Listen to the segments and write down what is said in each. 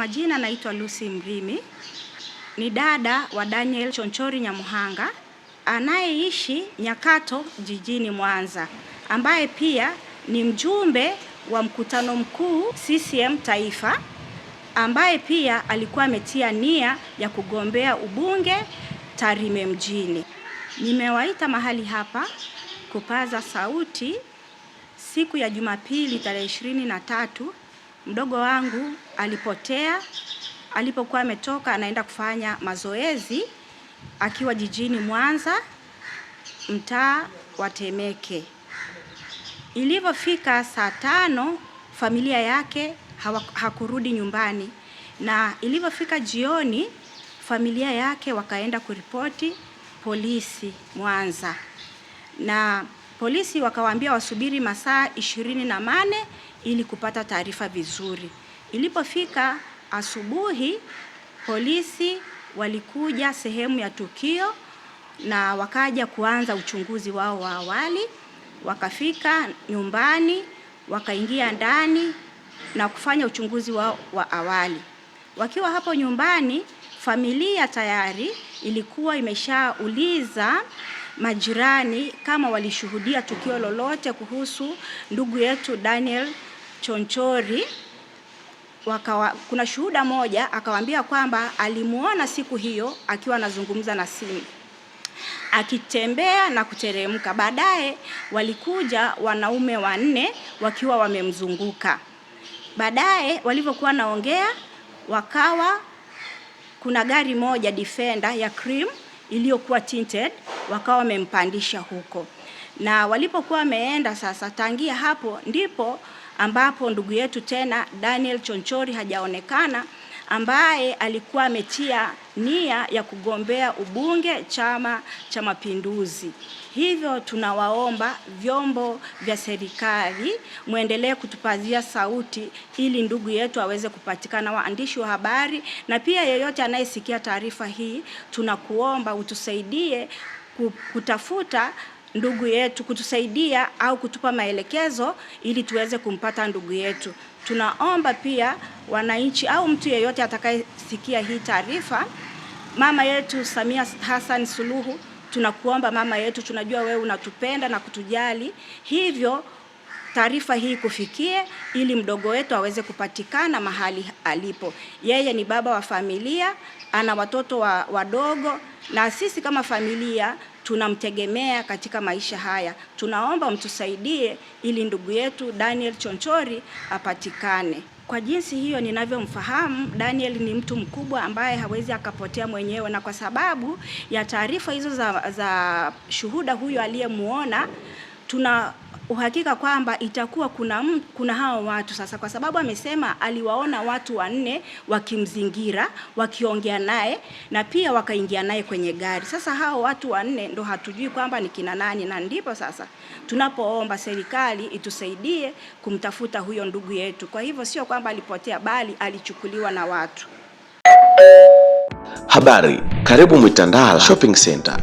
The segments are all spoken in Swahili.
majina naitwa Lucy Mrimi, ni dada wa Daniel Chonchori Nyamuhanga anayeishi Nyakato jijini Mwanza, ambaye pia ni mjumbe wa mkutano mkuu CCM Taifa, ambaye pia alikuwa ametia nia ya kugombea ubunge Tarime mjini. Nimewaita mahali hapa kupaza sauti siku ya Jumapili tarehe 23 mdogo wangu alipotea alipokuwa ametoka anaenda kufanya mazoezi akiwa jijini Mwanza, mtaa wa Temeke. Ilivyofika saa tano, familia yake hakurudi nyumbani, na ilivyofika jioni, familia yake wakaenda kuripoti polisi Mwanza na Polisi wakawaambia wasubiri masaa ishirini na mane ili kupata taarifa vizuri. Ilipofika asubuhi, polisi walikuja sehemu ya tukio na wakaja kuanza uchunguzi wao wa awali. Wakafika nyumbani, wakaingia ndani na kufanya uchunguzi wao wa awali. Wakiwa hapo nyumbani, familia tayari ilikuwa imeshauliza majirani kama walishuhudia tukio lolote kuhusu ndugu yetu Daniel Chonchori. Wakawa, kuna shuhuda moja akawaambia kwamba alimwona siku hiyo akiwa anazungumza na simu akitembea na kuteremka. Baadaye walikuja wanaume wanne wakiwa wamemzunguka. Baadaye walivyokuwa naongea, wakawa kuna gari moja Defender ya cream iliyokuwa tinted wakawa wamempandisha huko, na walipokuwa wameenda sasa, tangia hapo ndipo ambapo ndugu yetu tena Daniel Chonchori hajaonekana ambaye alikuwa ametia nia ya kugombea ubunge Chama cha Mapinduzi. Hivyo tunawaomba vyombo vya serikali mwendelee kutupazia sauti ili ndugu yetu aweze kupatikana. Waandishi wa habari na pia yeyote anayesikia taarifa hii, tunakuomba utusaidie kutafuta ndugu yetu kutusaidia au kutupa maelekezo ili tuweze kumpata ndugu yetu. Tunaomba pia wananchi au mtu yeyote atakayesikia hii taarifa, mama yetu Samia Hassan Suluhu, tunakuomba mama yetu, tunajua wewe unatupenda na kutujali, hivyo taarifa hii kufikie, ili mdogo wetu aweze kupatikana mahali alipo. Yeye ni baba wa familia, ana watoto wa wadogo, na sisi kama familia tunamtegemea katika maisha haya. Tunaomba mtusaidie ili ndugu yetu Daniel Chonchori apatikane. Kwa jinsi hiyo ninavyomfahamu, Daniel ni mtu mkubwa ambaye hawezi akapotea mwenyewe, na kwa sababu ya taarifa hizo za, za shuhuda huyo aliyemuona tuna uhakika kwamba itakuwa kuna, m, kuna hao watu sasa, kwa sababu amesema aliwaona watu wanne wakimzingira wakiongea naye na pia wakaingia naye kwenye gari. Sasa hao watu wanne ndo hatujui kwamba ni kina nani, na ndipo sasa tunapoomba serikali itusaidie kumtafuta huyo ndugu yetu. Kwa hivyo sio kwamba alipotea, bali alichukuliwa na watu. Habari, karibu Mwitandala Shopping Center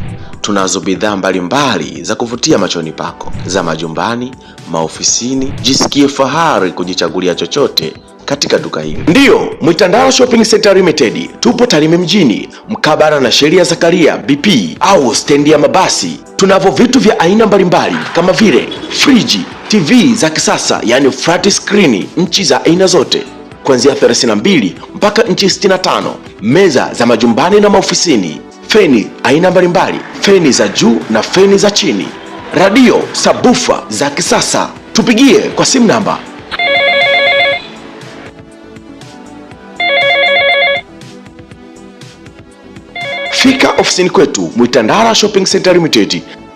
tunazo bidhaa mbalimbali za kuvutia machoni pako za majumbani, maofisini. Jisikie fahari kujichagulia chochote katika duka hili. Ndiyo, Mwitandao Shopping Center Limited, tupo Tarime mjini mkabara na sheria Zakaria BP au stendi ya mabasi. Tunavyo vitu vya aina mbalimbali kama vile friji, TV za kisasa yani flat screen, nchi za aina zote kuanzia 32 mpaka nchi 65, meza za majumbani na maofisini feni aina mbalimbali, feni za juu na feni za chini, radio, sabufa za kisasa. Tupigie kwa simu namba Fika ofisini kwetu Mwitandara Shopping Center Limited.